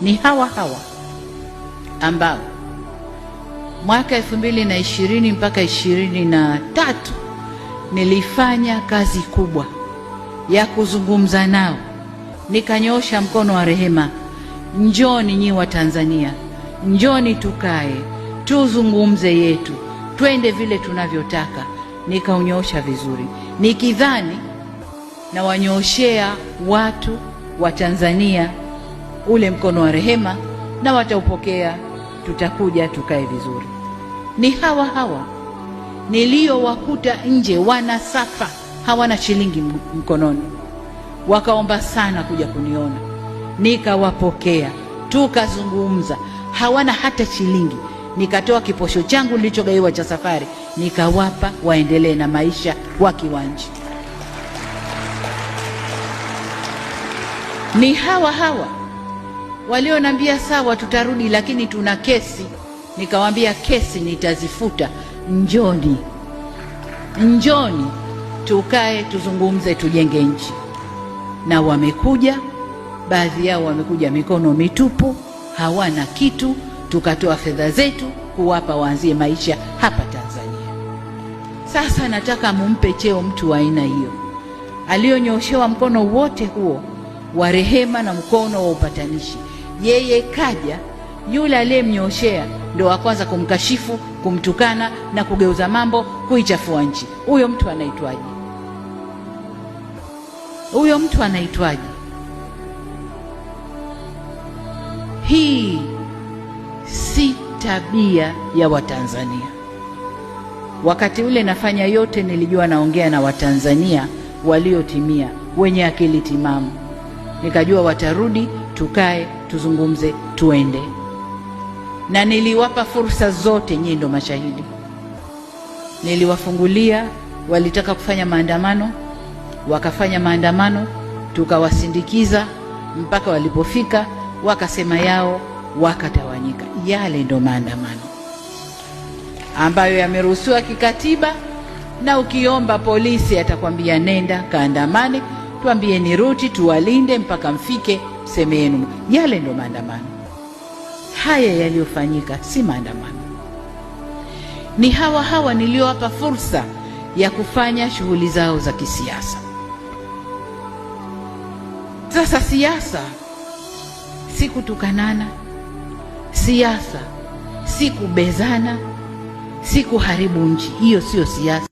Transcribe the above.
ni hawa hawa ambao mwaka elfu mbili na ishirini mpaka ishirini na tatu nilifanya kazi kubwa ya kuzungumza nao, nikanyosha mkono wa rehema, njoni nyi wa Tanzania, njoni tukae tuzungumze yetu, twende vile tunavyotaka. Nikaunyoosha vizuri, nikidhani nawanyooshea watu wa Tanzania ule mkono wa rehema, na wataupokea, tutakuja tukae vizuri. Ni hawa hawa niliowakuta nje, wanasafa, hawana shilingi mkononi, wakaomba sana kuja kuniona, nikawapokea, tukazungumza, hawana hata shilingi nikatoa kiposho changu nilichogaiwa cha safari nikawapa, waendelee na maisha wakiwa nje. Ni hawa hawa Walionambia sawa, tutarudi lakini tuna kesi. Nikawambia kesi nitazifuta, njoni, njoni tukae tuzungumze, tujenge nchi. Na wamekuja baadhi yao, wamekuja mikono mitupu, hawana kitu. Tukatoa fedha zetu kuwapa waanzie maisha hapa Tanzania. Sasa nataka mumpe cheo mtu wa aina hiyo, alionyoshewa mkono wote huo wa rehema na mkono wa upatanishi yeye kaja, yule aliyemnyooshea ndo wa kwanza kumkashifu, kumtukana na kugeuza mambo, kuichafua nchi. Huyo mtu anaitwaje? Huyo mtu anaitwaje? Hii si tabia ya Watanzania. Wakati ule nafanya yote, nilijua naongea na Watanzania waliotimia wenye akili timamu, nikajua watarudi tukae tuzungumze, tuende. Na niliwapa fursa zote, nyinyi ndo mashahidi. Niliwafungulia, walitaka kufanya maandamano, wakafanya maandamano, tukawasindikiza mpaka walipofika, wakasema yao, wakatawanyika. Yale ndo maandamano ambayo yameruhusiwa kikatiba, na ukiomba polisi atakwambia nenda kaandamane, tuambie ni ruti, tuwalinde mpaka mfike semeenu yale ndo maandamano. Haya yaliyofanyika si maandamano, ni hawa hawa niliyowapa fursa ya kufanya shughuli zao za kisiasa. Sasa siasa si kutukanana, siasa si kubezana, si kuharibu nchi. Hiyo siyo siasa.